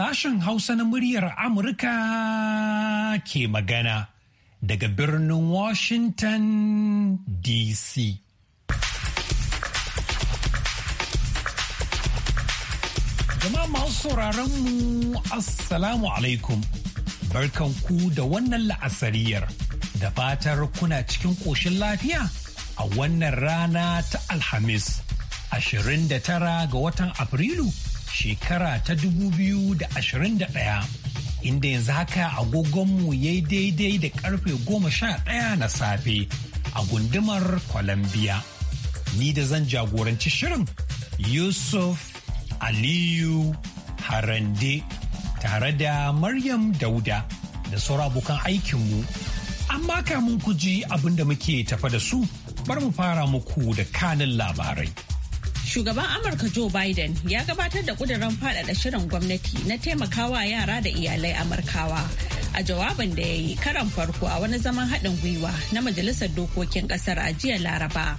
sashen Hausa na muryar Amurka ke magana daga birnin Washington DC. Jama'a masu sauraron mu Assalamu alaikum. Barkanku da wannan la'asariyar da fatar kuna cikin ƙoshin lafiya a wannan rana ta Alhamis, 29 ga watan Afrilu. shekara ta 2021 inda yanzu haka agogonmu ya yi daidai da karfe 11 na safe a gundumar Columbia. Ni da zan jagoranci shirin Yusuf Aliyu Harande tare da Maryam Dauda da sauran abokan aikinmu. Amma kamun ku ji abin da muke tafa da su, bar mu fara muku da kanin labarai. Shugaban Amurka Joe Biden ya gabatar da kudurin faɗaɗa shirin gwamnati na taimakawa yara da iyalai Amurkawa. A jawabin da ya yi karan farko a wani zaman haɗin gwiwa na Majalisar Dokokin Ƙasar a jiya Laraba.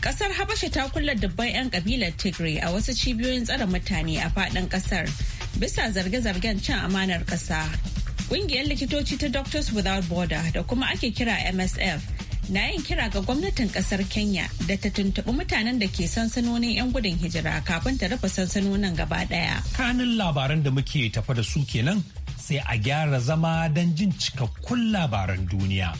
Ƙasar Habasha ta kulla dubban 'yan ƙabilar Tigray a wasu cibiyoyin tsare mutane a faɗin ƙasar bisa zarge-zargen cin amanar ƙasa. Ƙungiyar likitoci ta Doctors Without Border da kuma ake kira MSF na yin kira ga gwamnatin kasar Kenya da ta tuntuɓi mutanen da ke sansanonin 'yan gudun hijira kafin ta rufe sansanonin gaba ɗaya. Kanin labaran da muke tafa da su kenan sai a gyara zama don jin cikakkun labaran duniya.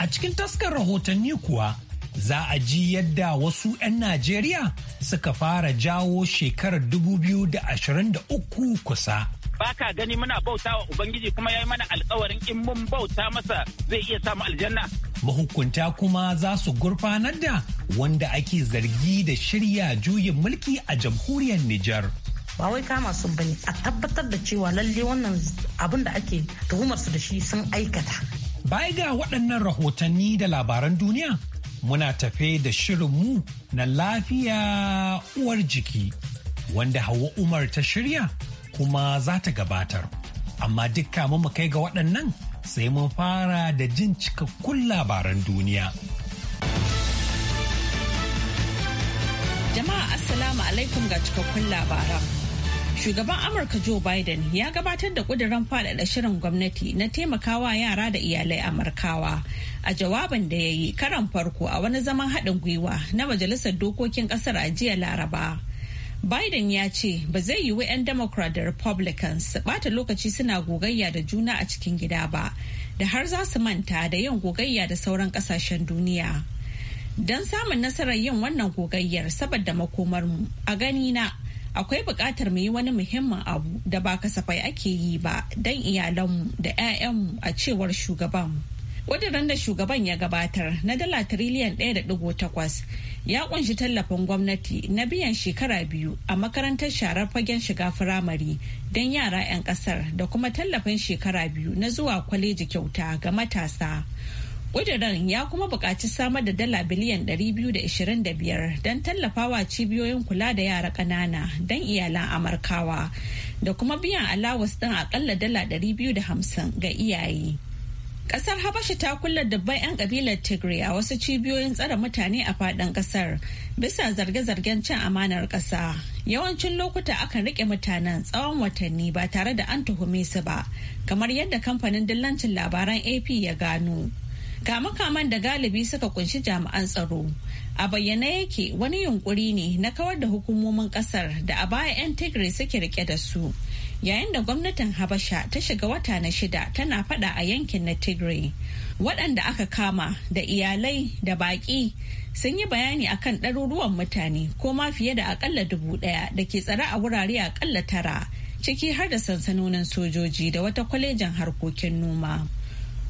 A cikin taskar rahotanni kuwa za a ji yadda wasu 'yan Najeriya suka fara jawo shekarar 2023 kusa. Baka gani muna bauta wa Ubangiji kuma ya yi mana alkawarin in mun bauta masa zai iya samu aljanna. Mahukunta kuma za su gurfanar da wanda ake zargi da shirya juyin mulki a jamhuriyar Nijar. ba wai kama sun bane a tabbatar da cewa lalle wannan abin da ake tuhumarsu da shi sun aikata. Bai ga waɗannan rahotanni da labaran duniya muna tafe da shirinmu na lafiya uwar jiki wanda Hauwa Umar ta shirya kuma za ta gabatar. Amma dukka mu kai ga waɗannan sai mun fara da jin cikakkun labaran duniya. Jama'a Assalamu alaikum ga cikakkun labaran. Shugaban Amurka Joe Biden ya gabatar da kudirin faɗaɗa shirin gwamnati na taimakawa yara da iyalai Amurkawa. A jawaban da ya yi karan farko a wani zaman haɗin gwiwa na Majalisar Dokokin ƙasar a jiya Laraba. Biden ya ce ba zai yi wa 'yan Democrat da Republicans bata lokaci suna gogayya da juna a cikin gida ba, da har za su manta da yin gogayya da sauran ƙasashen duniya. Don samun nasarar yin wannan gogayyar saboda makomarmu, a gani na. akwai buƙatar mu yi wani muhimmin abu da ba kasafai ake yi ba don iyalanmu da 'ya'yanmu a cewar shugaban. wadannan da shugaban ya gabatar na dala tiriliyan 1.8 ya kunshi tallafin gwamnati na biyan shekara biyu a makarantar sharar fagen shiga firamare don yara 'yan kasar da kuma tallafin shekara biyu na zuwa kwaleji kyauta ga matasa. ƙudurin ya kuma buƙaci samar da dala biliyan 225 don tallafawa cibiyoyin kula da yara ƙanana don iyalan amurkawa da kuma biyan alawas ɗin aƙalla dala 250 ga iyaye. Ƙasar Habasha ta kulla dubban 'yan ƙabilar Tigray a wasu cibiyoyin tsare mutane a faɗin ƙasar, bisa zarge-zargen cin amanar ƙasa. Yawancin lokuta akan riƙe mutanen tsawon watanni ba tare da an tuhume su ba, kamar yadda kamfanin dillancin labaran AP ya gano. Kama-kaman da galibi suka kunshi jami'an tsaro. A bayyana yake wani yunkuri ne na kawar da hukumomin kasar da a baya 'yan Tigray suke rike da su. Yayin da gwamnatin Habasha ta shiga wata na shida tana fada a yankin na Tigray. Waɗanda aka kama da iyalai da baƙi sun yi bayani akan ɗaruruwan mutane ko ma fiye da akalla dubu ɗaya da ke tsare a wurare akalla tara ciki har da sansanonin sojoji da wata kwalejin harkokin noma.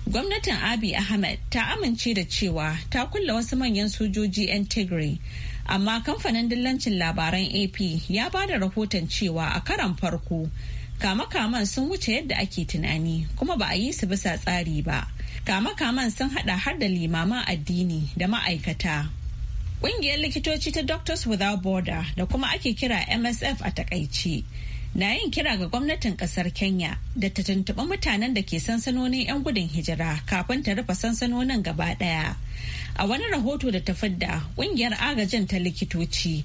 Gwamnatin Abiy Ahmed ta amince da cewa ta kulla wasu manyan sojoji 'yan Tigray. Amma kamfanin dillancin labaran AP ya ba da rahoton cewa a karan farko kama-kaman sun wuce yadda ake tunani kuma ba a yi su bisa tsari ba. Kama-kaman sun hada har da limaman addini da ma'aikata. Ƙungiyar likitoci ta Doctors Without Border da kuma ake kira MSF a takaici na yin kira ga gwamnatin kasar Kenya da ta tuntuɓi mutanen da ke sansanonin 'yan gudun hijira kafin ta rufe sansanonin gaba ɗaya. A wani rahoto da ta fidda ƙungiyar agajin ta likitoci.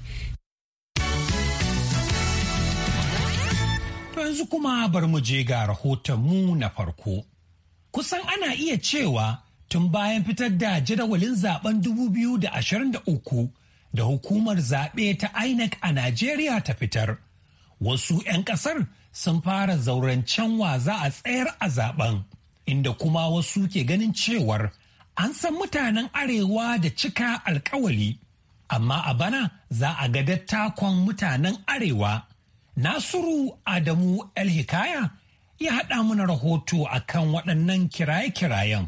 yanzu kuma bar mu je ga rahoton mu na farko. Kusan ana iya cewa tun bayan fitar da jadawalin zaben 2023 da hukumar zaɓe ta INEC a Najeriya ta fitar. wasu 'yan kasar sun fara zaurancen wa za a tsayar a zaben inda kuma wasu ke ganin cewar an san mutanen arewa da cika alkawali amma a bana za a ga dattakon mutanen arewa nasiru adamu el hikaya ya haɗa mana rahoto akan waɗannan kiraye-kirayen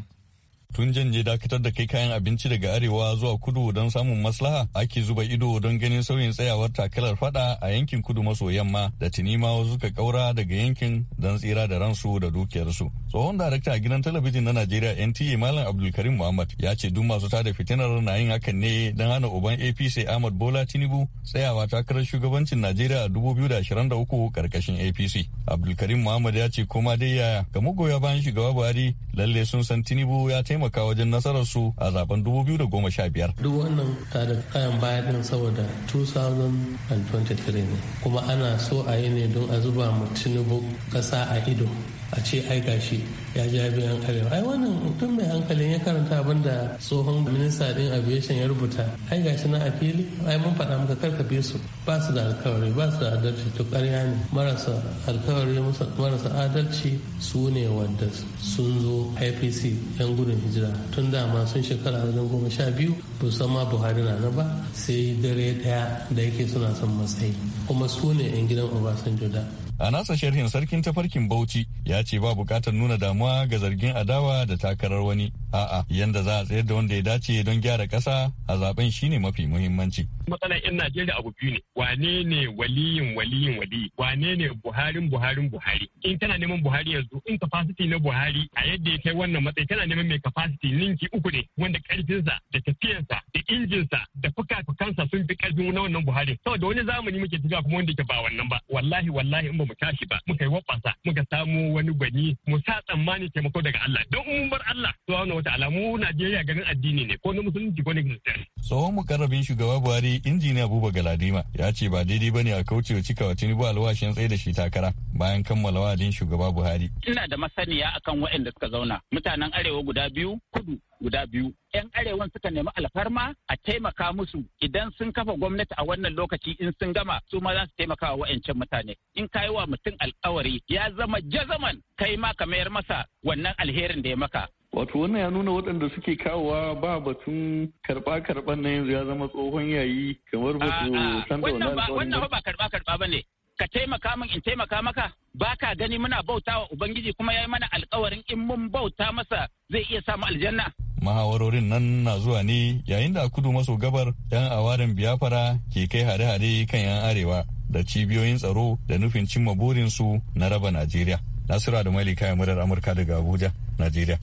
tun je dakatar da kai kayan abinci daga arewa zuwa kudu don samun maslaha ake zuba ido don ganin sauyin tsayawar takalar fada a yankin kudu maso yamma da tuni ma wasu suka kaura daga yankin don tsira da ransu da dukiyarsu tsohon darakta a gidan talabijin na najeriya nta malam abdulkarim muhammad ya ce duk masu tada fitinar na yin hakan ne don hana uban apc ahmad bola tinubu tsayawa takarar shugabancin najeriya a uku karkashin apc abdulkarim muhammad ya ce koma dai yaya ga magoya bayan shugaba buhari lalle sun san tinubu ya taimaka taimaka wajen nasarar su a zaben 2015 duk wannan ta da kayan baya din saboda 2023 ne kuma ana so a yi ne don a zuba mu tinubu kasa a ido a ce aika shi ya ji biyan arewa ai wannan mutum mai hankalin ya karanta abin da tsohon minista din aviation ya rubuta ai gashi na a fili ai mun faɗa muka bi su ba su da alkawari ba su da adalci to ƙarya ne marasa alkawari marasa adalci su ne wanda sun zo ipc yan gudun hijira tun dama sun shekara wajen goma sha biyu ba san ma buhari na na ba sai dare daya da yake suna son matsayi kuma su ne yan gidan obasanjo da a nasa sharhin sarkin tafarkin bauchi ya ce ba bukatar nuna damuwa ga zargin adawa da takarar wani A'a, yanda za a tsayar da wanda ya dace don gyara ƙasa a zaben shine mafi muhimmanci. Matsalar 'yan Najeriya abu biyu ne. Wane ne waliyin waliyin wali. Wane ne Buharin Buharin Buhari? In kana neman Buhari yanzu, in capacity na Buhari a yadda ya kai wannan matsayi kana neman mai capacity ninki uku ne wanda karfinsa da tafiyansa da injinsa da fuka-fukansa sun fi ƙarfin na wannan Buhari. Saboda wani zamani muke tafiya kuma wanda ke ba wannan ba. Wallahi wallahi in ba mu tashi ba muka yi wabbansa muka samu wani gwani mu sa tsammani taimako daga Allah. Don umar Allah, to ta'ala mu Najeriya ganin addini ne ko na musulunci ko na kiristiyan. Tsohon mukarrabin shugaba Buhari injiniya Buba Galadima ya ce ba daidai ne a kaucewa cikawa Tinubu alwashin tsaye da shi takara bayan kammala wa'adin shugaba Buhari. Ina da masaniya a akan waɗanda suka zauna mutanen arewa guda biyu kudu guda biyu. 'Yan arewan suka nemi alfarma a taimaka musu idan sun kafa gwamnati a wannan lokaci in sun gama su ma za su taimaka wa wa'ancan mutane. In kayi wa mutum alkawari ya zama jazaman kai ma ka mayar masa wannan alherin da ya maka. wato wannan ya nuna waɗanda suke kawowa ba batun karɓa karɓan na yanzu ya zama tsohon yayi kamar ba su san da wannan wannan ba karɓa karɓa bane ka taimaka min in taimaka maka ba ka gani muna bauta wa ubangiji kuma ya yi mana alkawarin in mun bauta masa zai iya samu aljanna mahawarorin nan na zuwa ne yayin da kudu maso gabar yan awarin biyafara ke kai hare-hare kan yan arewa da cibiyoyin tsaro da nufin cimma burinsu na raba najeriya nasiru da malika ya murar amurka daga abuja najeriya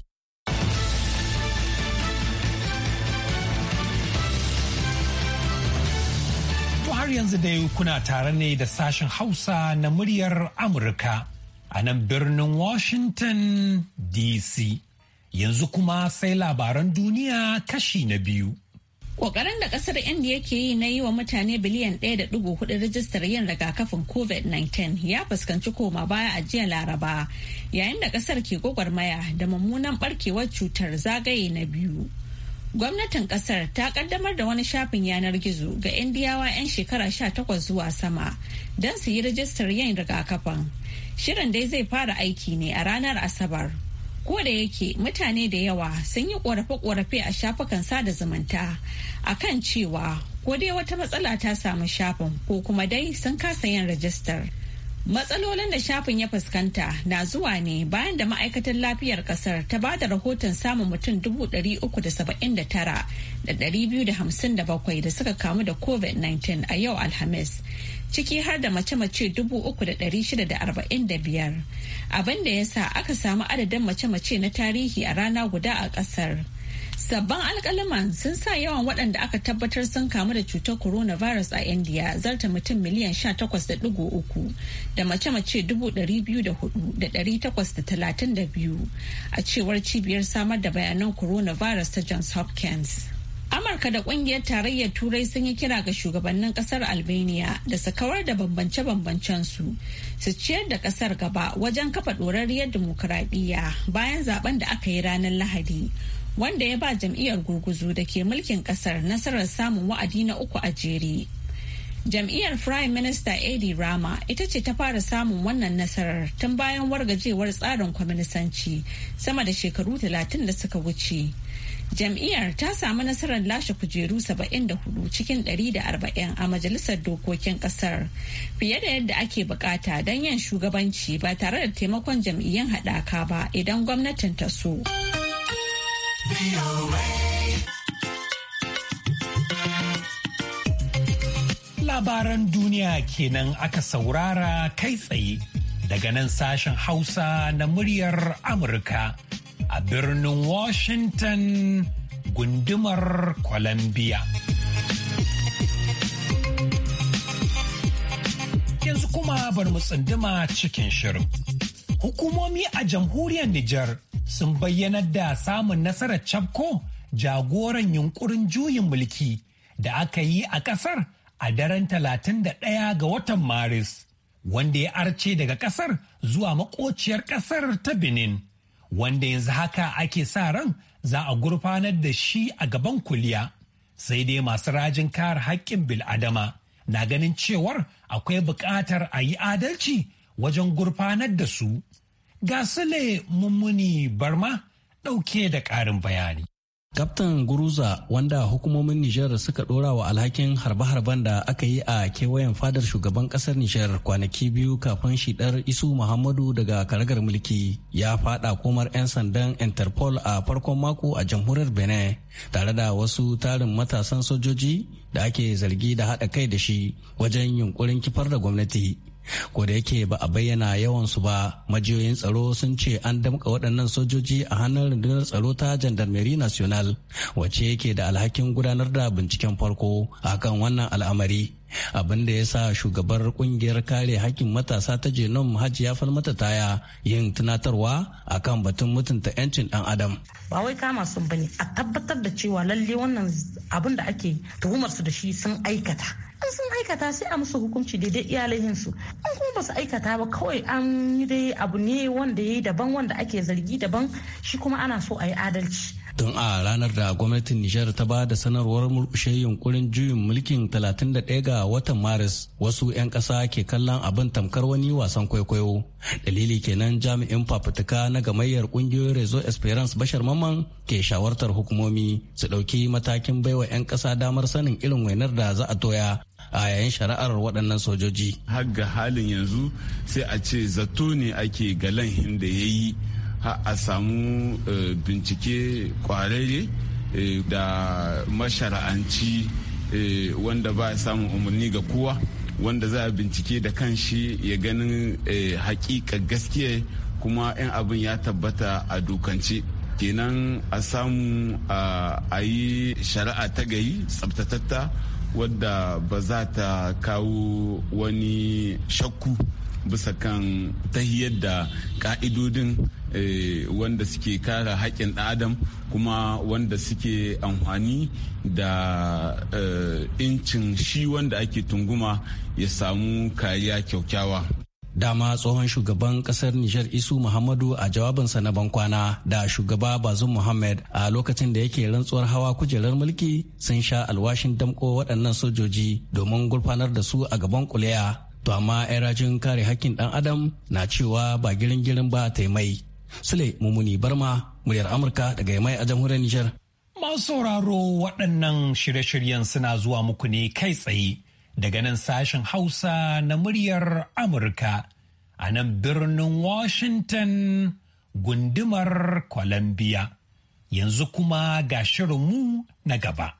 yanzu dai kuna tare ne da sashen Hausa na muryar Amurka a nan birnin Washington DC. Yanzu kuma sai labaran duniya kashi na biyu. Ƙoƙarin da ƙasar India ke yi na yi wa mutane biliyan 1.4 rijistar yin rigakafin COVID-19 ya fuskanci koma baya a jiya Laraba, yayin da ƙasar ke gwagwarmaya da mummunan ɓarkewar cutar zagaye na biyu. Gwamnatin kasar ta kaddamar da wani shafin yanar gizo ga Indiyawa 'yan shekara 18 zuwa sama don su yi rajistar yin rigakafin. Shirin dai zai fara aiki ne a ranar Asabar. Ko da yake mutane da yawa sun yi ƙorafe-ƙorafe a shafukan sada zumunta A kan cewa ko dai wata matsala ta samu shafin ko kuma dai sun kasa yin rajistar. Matsalolin da shafin ya fuskanta na zuwa ne bayan da ma'aikatar lafiyar kasar ta ba da rahoton samun mutum 379,257 da suka kamu da COVID-19 a yau Alhamis, ciki har da mace-mace 3,645, abin da ya sa aka samu adadin mace-mace na tarihi a rana guda a kasar. Sabban alkalima sun sa yawan waɗanda aka tabbatar sun kamu da cutar coronavirus a India zarta mutum miliyan sha 18.3 da mace-mace dubu ɗari ɗari biyu da da da da hudu talatin biyu a cewar cibiyar samar da bayanan coronavirus ta Johns Hopkins. Amurka da kungiyar tarayyar Turai sun yi kira ga shugabannin kasar Albania da su kawar da bambance-bambancen su su ciyar da kasar gaba wajen kafa ɗorarriyar dimokuraɗiyya bayan zaben da aka yi ranar Lahadi. wanda ya ba jam'iyyar gurguzu da ke mulkin kasar nasarar samun wa'adi na uku a jere. Jam'iyyar Prime Minister Edi Rama ita ce ta fara samun wannan nasarar tun bayan wargajewar tsarin kwaminisanci sama da shekaru talatin da suka wuce. Jam'iyyar ta samu nasarar lashe kujeru 74 cikin 140 a Majalisar Dokokin Kasar, fiye da yadda ake bukata don yin shugabanci ba tare da taimakon jam'iyyun haɗaka ba idan gwamnatin ta so. Labaran duniya kenan aka saurara kai tsaye daga nan sashen Hausa na muryar Amurka a birnin Washington gundumar Columbia. Yanzu kuma bar mu tsunduma cikin shirin. Hukumomi a jamhuriyar Nijar sun bayyanar da samun nasarar Chabko jagoran yunkurin juyin mulki da aka yi a ƙasar a daren 31 ga watan Maris, wanda ya arce daga ƙasar zuwa makociyar ƙasar ta Benin, wanda yanzu haka ake sa ran za a gurfanar da shi a gaban kuliya. Sai dai masu rajin kare haƙƙin bil'adama na ganin cewar akwai buƙatar a yi adalci wajen gurfanar da su. Ga Sule Mummuni Barma ɗauke da ƙarin bayani. Kaftan Guruza wanda hukumomin Nijar suka ɗora wa alhakin harbe-harben da aka yi a kewayen fadar shugaban kasar Nijar kwanaki biyu kafin shidar Isu Muhammadu daga karagar mulki ya fada komar 'yan sandan Interpol a farkon mako a jamhuriyar Benin tare da wasu tarin matasan sojoji da ake zargi da haɗa kai da shi wajen yunkurin kifar da gwamnati. ko yake ba a bayyana yawan su ba majiyoyin tsaro sun ce an damka waɗannan sojoji a hannun rundunar tsaro ta gendarmerie national wacce yake da alhakin gudanar da binciken farko akan wannan al'amari abin da ya sa shugabar kungiyar kare hakkin matasa ta jenom hajiya falmata taya yin tunatarwa akan batun mutunta 'yancin dan adam ba wai kama sun bane a tabbatar da cewa lalle wannan abin da ake tuhumar su da shi sun aikata in sun aikata sai a musu hukunci daidai iyalayin su in kuma ba su aikata ba kawai an yi dai abu ne wanda ya yi daban wanda ake zargi daban shi kuma ana so a yi adalci tun a ranar da gwamnatin nijar ta ba da sanarwar murkushe yunkurin juyin mulkin 31 ga watan maris wasu 'yan ƙasa ke kallon abin tamkar wani wasan kwaikwayo dalili kenan jami'in fafutuka na gamayyar ƙungiyoyin rezo esperance bashar maman ke shawartar hukumomi su ɗauki matakin baiwa 'yan ƙasa damar sanin irin wainar da za a toya a yayin shari'ar waɗannan sojoji. Har ga halin yanzu sai a ce zato ne ake galan da ya yi a samu eh, bincike kwararre eh, da mashara'anci eh, wanda ba samun umarni ga kowa wanda za a bincike da kan shi ya ganin hakika gaskiya kuma 'yan abin ya tabbata a dokance kenan a samu a yi shari'a ta gayi tsabtatatta wadda ba za ta kawo wani shakku bisa kan tahiyar da ka'idodin Eh, wanda suke kare haƙƙin adam kuma wanda suke amfani da eh, incin shi wanda ake tunguma ya samu kariya kyaukyawa dama tsohon shugaban kasar Nijar Isu Muhammadu a jawabinsa na bankwana da shugaba Bazum Muhammad a lokacin da yake rantsuwar hawa kujerar mulki sun sha alwashin damko waɗannan sojoji domin gurfanar da su a gaban kuliya. To amma 'yan rajin kare hakkin ɗan adam na cewa ba girin girin ba taimai. Sule Mumuni Barma, muryar Amurka daga Yamai a jamhuriyar Nijar. Masu sauraro waɗannan shirye-shiryen suna zuwa muku ne kai tsaye daga nan sashen Hausa na muryar Amurka a nan birnin Washington gundumar Columbia. Yanzu kuma ga shirinmu na gaba.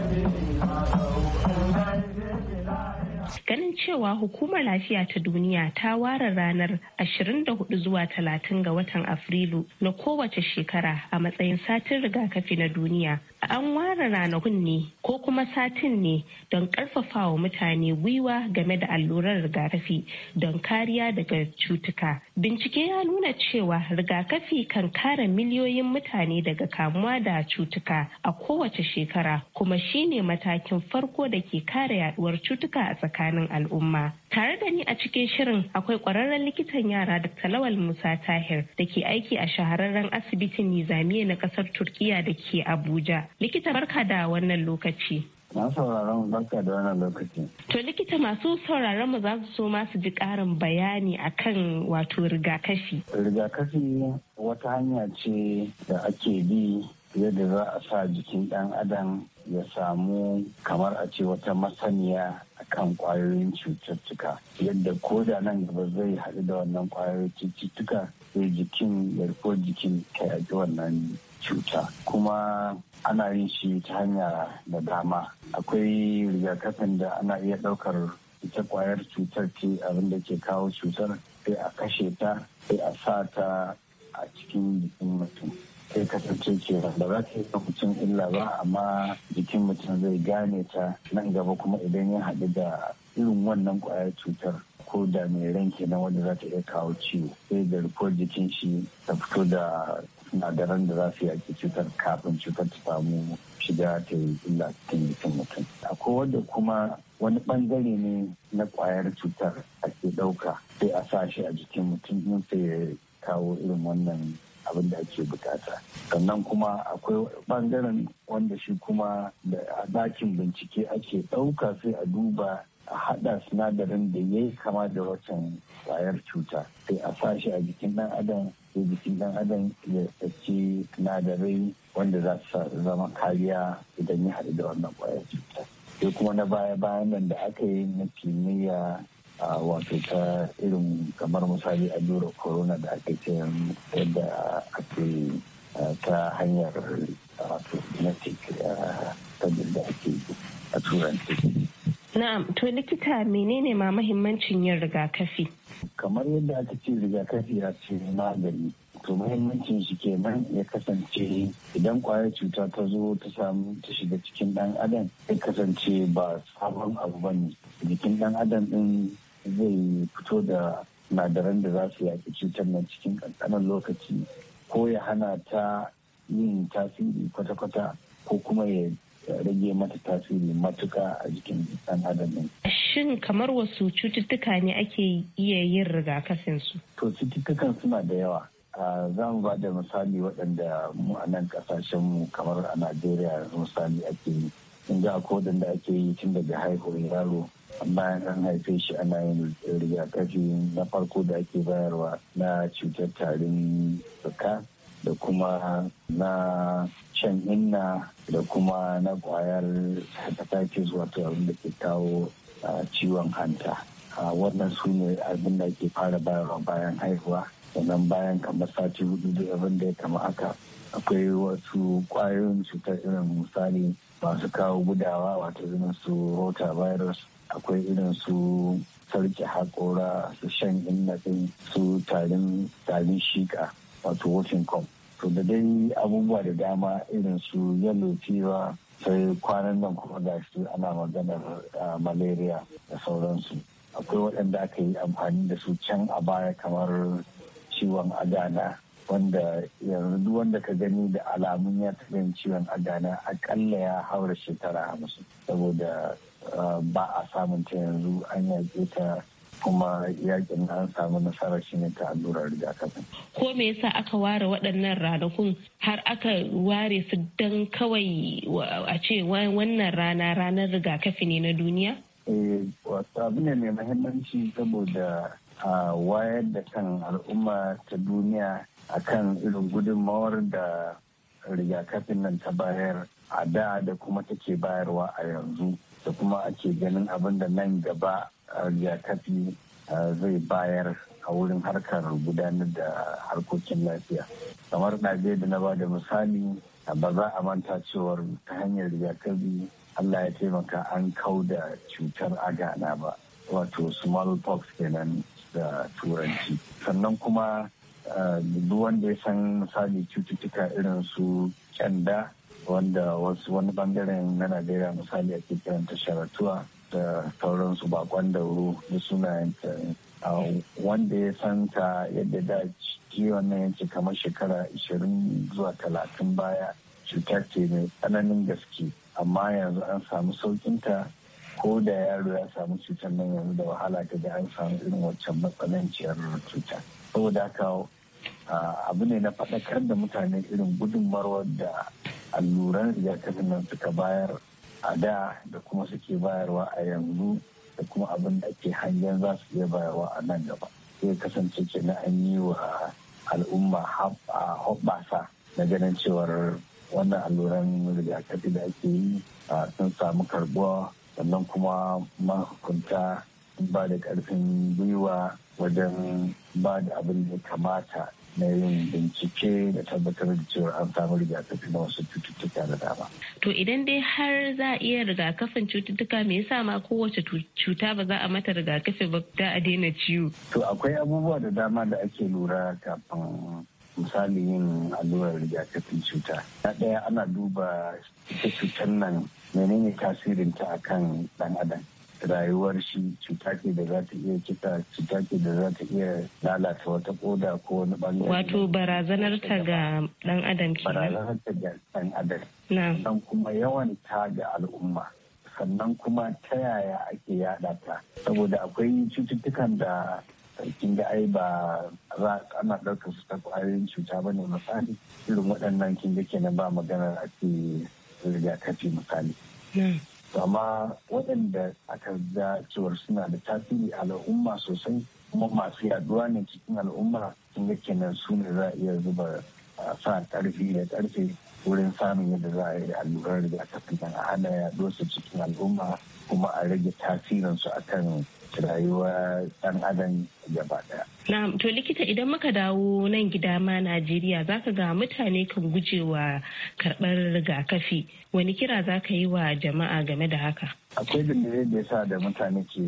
ganin cewa hukumar lafiya ta duniya ta ware ranar 24 zuwa 30 ga watan afrilu na kowace shekara a matsayin satin rigakafi na duniya an ware ranakun ne ko kuma satin ne don karfafawa mutane gwiwa game da allurar rigakafi don kariya daga cutuka bincike ya nuna cewa rigakafi kan kare miliyoyin mutane daga kamuwa da cutuka a kowace shekara kuma shine matakin farko da ke kare yaduwar cutuka a tsakanin tsarin al'umma. Tare da ni a cikin shirin akwai kwararren likitan yara da Talawal Musa Tahir da ke aiki a shahararren asibitin Nizamiya na kasar Turkiya da ke Abuja. Likita barka da wannan lokaci. Na sauraron barka da wannan lokaci. To likita masu sauraron mu za su so masu ji ƙarin bayani akan wato rigakafi. Rigakafi wata hanya ce da ake bi yadda za a sa jikin ɗan adam ya samu kamar a ce wata masaniya a kan kwayoyin cututtuka yadda ko da nan gaba zai haɗu da wannan kwayoyin cututtuka sai jikin ya garkuwar jikin ta yaƙi wannan cuta kuma ana yin shi ta hanya da dama akwai rigakafin da ana iya ɗaukar ita kwayar cutar ce abin da ke kawo cutar sai a kashe ta sai a sa ta a cikin jikin mutum sai kasance kenan ba za ta yi mutum illa ba amma jikin mutum zai gane ta nan gaba kuma idan ya haɗu da irin wannan kwayar cutar ko da mai ran kenan wanda za ta iya kawo ciwo sai da rufuwar jikin shi ta fito da sinadaran da za su yaki cutar kafin cutar ta samu shiga ta yi illa cikin jikin mutum akwai wanda kuma wani bangare ne na kwayar cutar ake ɗauka sai a sa shi a jikin mutum sai ya kawo irin wannan abin da ake bukata sannan kuma akwai bangaren wanda shi kuma da a dakin bincike ake ɗauka sai a duba a haɗa sinadarin da ya yi kama da wacan kwayar cuta sai a sashi a jikin ɗan adam sai jikin ɗan adam ya tsaki sinadarai wanda za su zama kariya idan ya haɗu da wannan kwayar cuta sai kuma na baya bayan nan da aka yi na kimiyya wato ta irin kamar misali allurar corona da ake ce yadda ake ta hanyar wato genetic ta da ake a turanci. Na'am, to likita menene ma mahimmancin yin rigakafi? Kamar yadda aka ce rigakafi ya ce magani, to mahimmancin shi ke nan ya kasance idan kwayar cuta ta zo ta samu ta shiga cikin dan adam ya kasance ba sabon abu ba ne. Jikin dan adam din zai fito da sinadaran da za su yaƙi cutar nan cikin ƙanƙanin lokaci ko ya hana ta yin tasiri kwata-kwata ko kuma ya rage mata tasiri matuka a jikin ɗan adam Shin kamar wasu cututtuka ne ake iya yin rigakafinsu? su? To cututtukan suna da yawa. Za mu ba da misali waɗanda mu a nan ƙasashen mu kamar a Najeriya misali ake yi. In ga akwai waɗanda ake yi tun daga haihuwar yaro bayan an haife shi ana yin rigakafi na farko da ake bayarwa na cutar tarin fuka da kuma na shan inna da kuma na kwayar hepatitis wato abin da ke kawo ciwon hanta wannan su ne abin da ke fara bayarwa bayan haihuwa sannan bayan kamar sati hudu da abin da ya kama aka akwai wasu kwayoyin cutar irin misali masu kawo gudawa wato su rota virus akwai irin su sarki haƙora su shan inna ɗin su tarin tarin shika wato wofin com to da dai abubuwa da dama irin su yellow fever sai kwanan nan kuma ga su ana maganar ah, malaria da sauransu akwai waɗanda aka yi amfani da su can a baya kamar ciwon agana wanda yanzu wanda ka gani da alamun ya taɓa ciwon agana akalla ya haura shekara hamsin saboda ba a samun ta yanzu an yaƙe ta kuma yakin an samu nasarar shi ne ta allurar rigakafin. Ko me yasa aka ware waɗannan ranakun har aka ware su don kawai a ce wannan rana ranar rigakafi ne na duniya? Eh, abu ne mai mahimmanci saboda a wayar da kan al'umma ta duniya akan irin gudunmawar da rigakafin nan ta bayar a da da kuma take bayarwa a yanzu. da kuma ake ganin abin da nan gaba rigakafi zai bayar a wurin harkar gudanar da harkokin lafiya kamar ɗabe da na ba da misali ba za a manta cewar ta hanyar rigakafi allah ya taimaka an kau da cutar agana ba wato smallpox kenan da turanci sannan kuma duk wanda ya san misali cututtuka irin su kyanda wanda wasu wani bangaren na najeriya misali ake ta sharatuwa da sauransu bakon dauro da sunayenta wanda ya santa yadda da ciki wannan yanci kamar shekara 20 zuwa talatin baya Cuta ce mai tsananin gaske amma yanzu an samu saukinta ko da yaro ya samu cutar nan yanzu da wahala ta da an samu irin waccan matsananciyar cuta saboda haka abu ne na faɗakar da mutane irin gudunmawar da alluran rigakafin nan suka bayar a da da kuma suke bayarwa a yanzu da kuma abin da ake hanyar za su iya bayarwa a nan gaba zai kasance na an yi wa al'umma hoɓasa na ganin cewar wannan alluran rigakafi da ake yi sun samu karbuwa sannan kuma mahukunta ba da karfin gwiwa wajen ba da abin da kamata na yin bincike da tabbatar da cewa an samu rigakafi na wasu cututtuka da dama. To idan dai har za a iya rigakafin cututtuka me yasa ma kowace cuta ba za a mata rigakafi ba ta a daina ciwo? To akwai abubuwa da dama da ake lura kafin misali yin allurar rigakafin cuta. Na ɗaya ana duba ita cutar nan menene tasirinta akan ɗan adam. rayuwar shi cuta ce da za ta iya cuta cuta ce da za ta iya lalata wata koda ko wani bangare wato barazanar ta ga dan adam ke barazanar ta ga dan adam sannan kuma yawan ta ga al'umma sannan kuma ta yaya ake yada ta saboda akwai cututtukan da kin ga ai ba za ana ɗaukar su ta kwayoyin cuta ba ne misali irin waɗannan kin ga kenan ba maganar a ce rigakafi misali amma waɗanda aka ga cewar suna da tasiri a al'umma sosai kuma masu yaduwa ne cikin al'umma sun ga kenan su ne za a iya zuba sa karfi da karfe wurin samun yadda za a yi da allurar da nan a hana yaduwarsu su cikin al'umma kuma a rage tasirinsu akan rayuwa ɗan adam gaba ɗaya. Na to likita idan muka dawo nan gida ma Najeriya za ka ga mutane kan gujewa karɓar rigakafi wani kira za ka yi wa jama'a game da haka? Akwai dalilin da yasa da mutane ke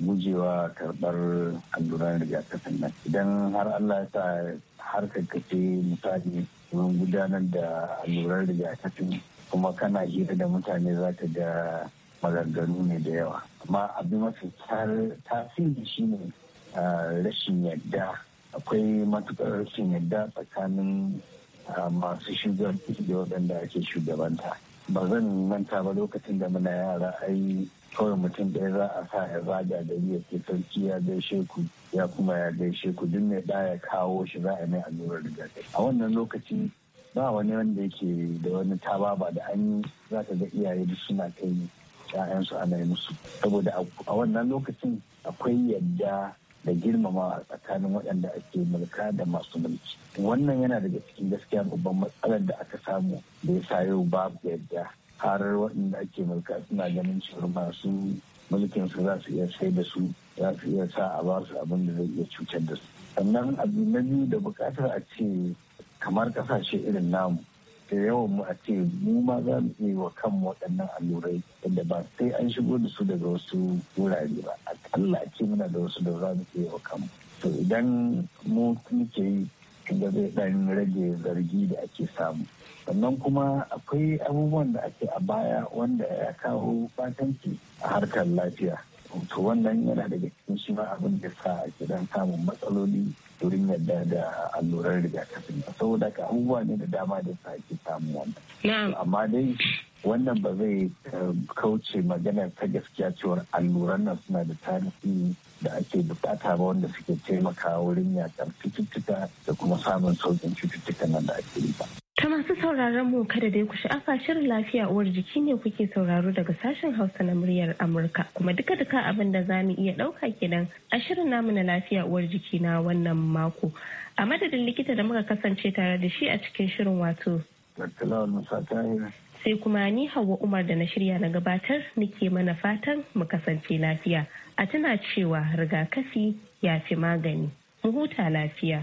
gujewa karɓar alluran rigakafin nan idan har Allah ya sa har kakkace misali wurin gudanar da alluran rigakafin kuma kana hira da mutane za ka ga maganganu ne da yawa amma abin mafi tasiri shine ah, rashin yadda akwai matukar rashin yadda tsakanin ah, masu shugabanci da waɗanda ake shugabanta ba zan manta ba lokacin da muna yara ai kawai mutum ɗaya za a sa ya zaga da ya ke sarki ya gaishe ku ya kuma ya gaishe ku duk mai ɗaya kawo shi za a mai allurar rigakafi a wannan lokaci ba wani wanda yake da wani tababa da an yi za ka ga iyaye duk suna kai 'ya'yansu ana yi musu saboda a wannan lokacin akwai yadda da girmama a tsakanin waɗanda ake mulka da masu mulki wannan yana daga cikin gaskiya babban matsalar da aka samu da ya sa yau babu yadda harar waɗanda ake mulka suna ganin cewar masu mulkin su za su iya sai da su za su iya sa a basu abin da zai iya cutar da su sannan abu na biyu da buƙatar a ce kamar ƙasashe irin namu da yawan mu a ce mu ma za mu iya wa kan waɗannan allurai inda ba sai an shigo da su daga wasu wurare ba aƙalla ce muna da wasu da za mu iya wa mu to idan mu muke yi da zai ɗan rage zargi da ake samu sannan kuma akwai abubuwan da ake a baya wanda ya kawo fatanci a harkar lafiya to wannan yana daga cikin shi ma abin da sa ake dan samun matsaloli wurin yadda da allurar rigakafi saboda ka abubuwa ne da dama da sa ake samun wannan amma dai wannan ba zai eh, kauce maganar ta gaskiya cewar alluran nan suna da tarihi da ake bukata ba wanda suke taimaka wurin yakar cututtuka da kuma samun saukin cututtuka nan da ake yi ba Ta masu sauraron mu kada dai ku sha'afa shirin lafiya uwar jiki ne kuke sauraro daga sashen Hausa na muryar Amurka kuma duka duka abin da zamu iya dauka kenan a shirin namu na lafiya uwar jiki na wannan mako. A madadin likita da muka kasance tare da shi a cikin shirin wato. Sai kuma ni Hauwa Umar da na shirya na gabatar nike mana fatan mu kasance lafiya. A tana cewa rigakafi ya fi magani. Mu huta lafiya.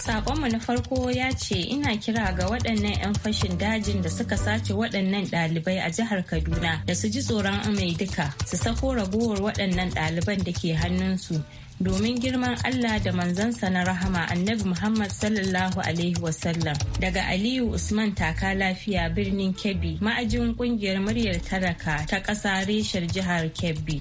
Sakonmu na farko ya ce ina kira ga waɗannan 'yan fashin dajin da suka sace waɗannan ɗalibai a jihar Kaduna da su ji tsoron amai duka su sako ragowar waɗannan ɗaliban da ke hannunsu domin girman Allah da manzansa na rahama annabi Muhammad sallallahu Alaihi wasallam daga Aliyu Usman taka lafiya birnin Kebbi ma'ajin kungiyar muryar talaka ta ƙasa reshar jihar Kebbi.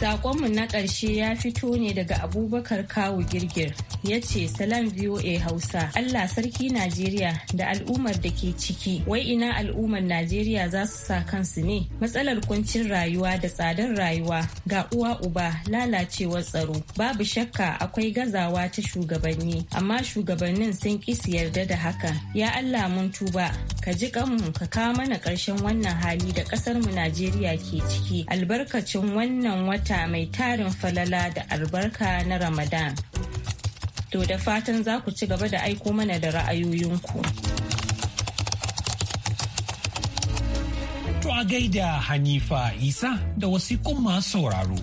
Sakonmu na ƙarshe ya fito ne daga Abubakar Kawu Girgir. Ya ce, Salam VOA Hausa, Allah Sarki Najeriya da al'ummar da ke ciki, wai ina al'ummar Najeriya za su sa kansu ne? Matsalar kuncin rayuwa da tsadar rayuwa ga uwa uba lalacewar tsaro. Babu shakka akwai gazawa ta shugabanni, amma shugabannin sun ƙi su yarda da haka. Ya Allah mun tuba, ka ji kanmu ka kawo mana ƙarshen wannan hali da ƙasarmu Najeriya ke ciki. Albarkacin wannan wata wata mai tarin falala da albarka na Ramadan. To da fatan za ku ci gaba da aiko mana da ra'ayoyinku. To a gaida Hanifa Isa da wasiƙun masu sauraro,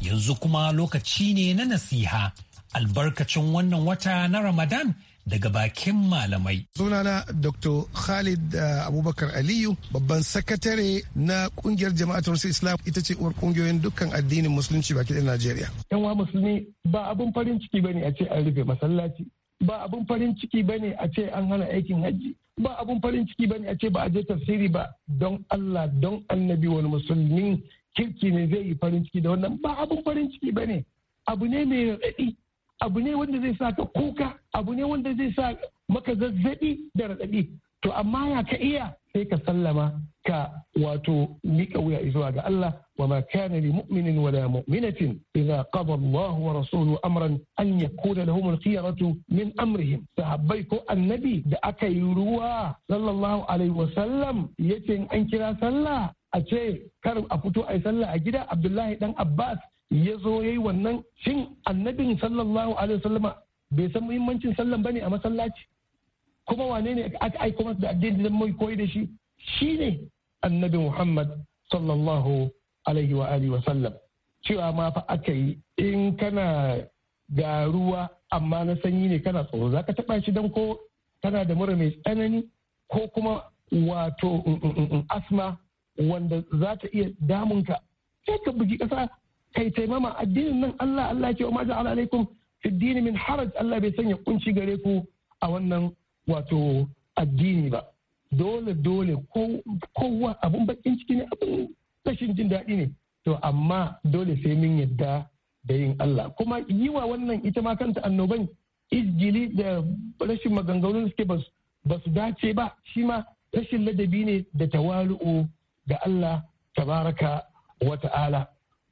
yanzu kuma lokaci ne na nasiha albarkacin wannan wata na Ramadan. daga bakin malamai. Sunana Dr. Khalid eh, Abubakar Aliyu, babban sakatare na kungiyar jama'atar Islam ita ce uwar kungiyoyin dukkan addinin musulunci baki da Najeriya. Yan wa musulmi ba abin farin ciki bane a ce an rufe masallaci, ba abun farin ciki bane a ce an hana aikin hajji. Ba abun farin ciki bane a ce ba a je tafsiri ba don Allah don annabi wani musulmin kirki ne zai yi farin ciki da wannan ba abun farin ciki bane abu ne mai raɗaɗi abu ne wanda zai sa ka kuka abu ne wanda zai sa maka zazzabi da raɗaɗi to amma ya ka iya sai ka sallama ka wato miƙa wuya zuwa ga Allah wa ma kana li mu'minin wa la mu'minatin idza qada Allah wa rasuluhu amran an yakuna lahum al-khiyaratu min amrihim sahabbai ko annabi da aka yi ruwa sallallahu alaihi wa sallam yace an kira sallah a ce kar a fito a yi sallah a gida Abdullahi dan Abbas ya zo ya yi wannan shin annabin sallallahu alaihi wasallam bai san muhimmancin sallan bane a masallaci kuma wane ne aka aiko masa da addini da mai koyi da shi shine annabi Muhammad sallallahu alaihi wa alihi wa sallam cewa ma fa aka yi in kana garuwa amma na sanyi ne kana tsoro zaka taba shi dan ko kana da mura mai tsanani ko kuma wato mm, mm, mm, asma wanda za ta iya damunka sai ka bugi ƙasa kai taimama addinin nan Allah Allah ke wa maza alaikum fi dini min haraj Allah bai sanya kunci gare ku a wannan wato addini ba dole dole kowa abun bakin ciki ne abun rashin jin daɗi ne to amma dole sai min yadda da yin Allah kuma yi wa wannan ita ma kanta annoban izgili da rashin maganganun suke ba su dace ba shi ma rashin ladabi ne da tawalu'u da Allah tabaraka wa ta'ala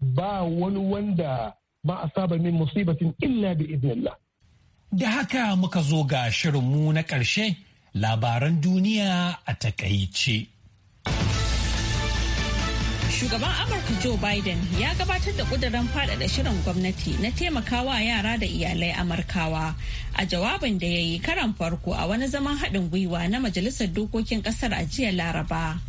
ba wani wanda ba a saba min musibatin illa bi idnillah da haka muka zo ga shirin mu na ƙarshe labaran duniya a takaice Shugaban Amurka Joe Biden ya gabatar da kudirin faɗaɗa shirin gwamnati na taimakawa yara da iyalai Amurkawa a jawabin da ya yi karan farko a wani zaman haɗin gwiwa na Majalisar Dokokin ƙasar a jiya Laraba.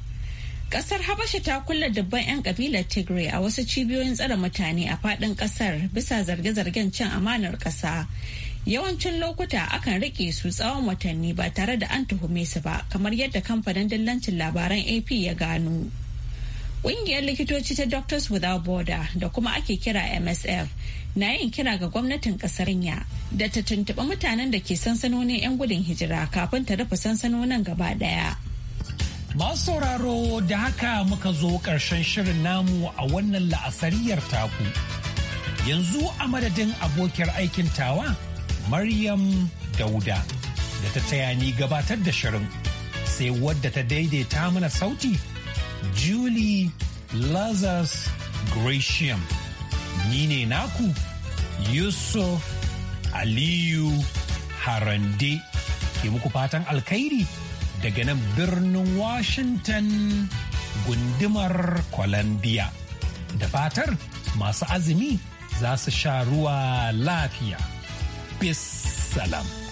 Kasar Habasha ta kulle dubban 'yan kabilar Tigray a wasu cibiyoyin tsare mutane a fadin kasar bisa zarge-zargen cin amanar kasa. Yawancin lokuta akan rike su tsawon watanni ba tare da an tuhume su ba kamar yadda kamfanin dillancin labaran AP ya gano. Ƙungiyar likitoci ta Doctors Without Border da kuma ake kira MSF na yin kira ga gwamnatin kasar ya da ta tuntuɓi mutanen da ke sansanonin 'yan gudun hijira kafin ta rufe sansanonin gaba ɗaya. Masu sauraro da haka muka zo ƙarshen shirin namu a wannan la'asariyar taku. Yanzu a madadin abokiyar aikin tawa, Maryam Dauda, da ta taya ni gabatar da shirin, sai wadda ta daidaita mana sauti, Julie Lazarus Gratiam. Ni ne naku, Yusuf Aliyu Harande, ke muku fatan alkhairi. daga nan birnin Washington gundumar Columbia. Da fatar masu azumi za su sha ruwa lafiya. Peace salam.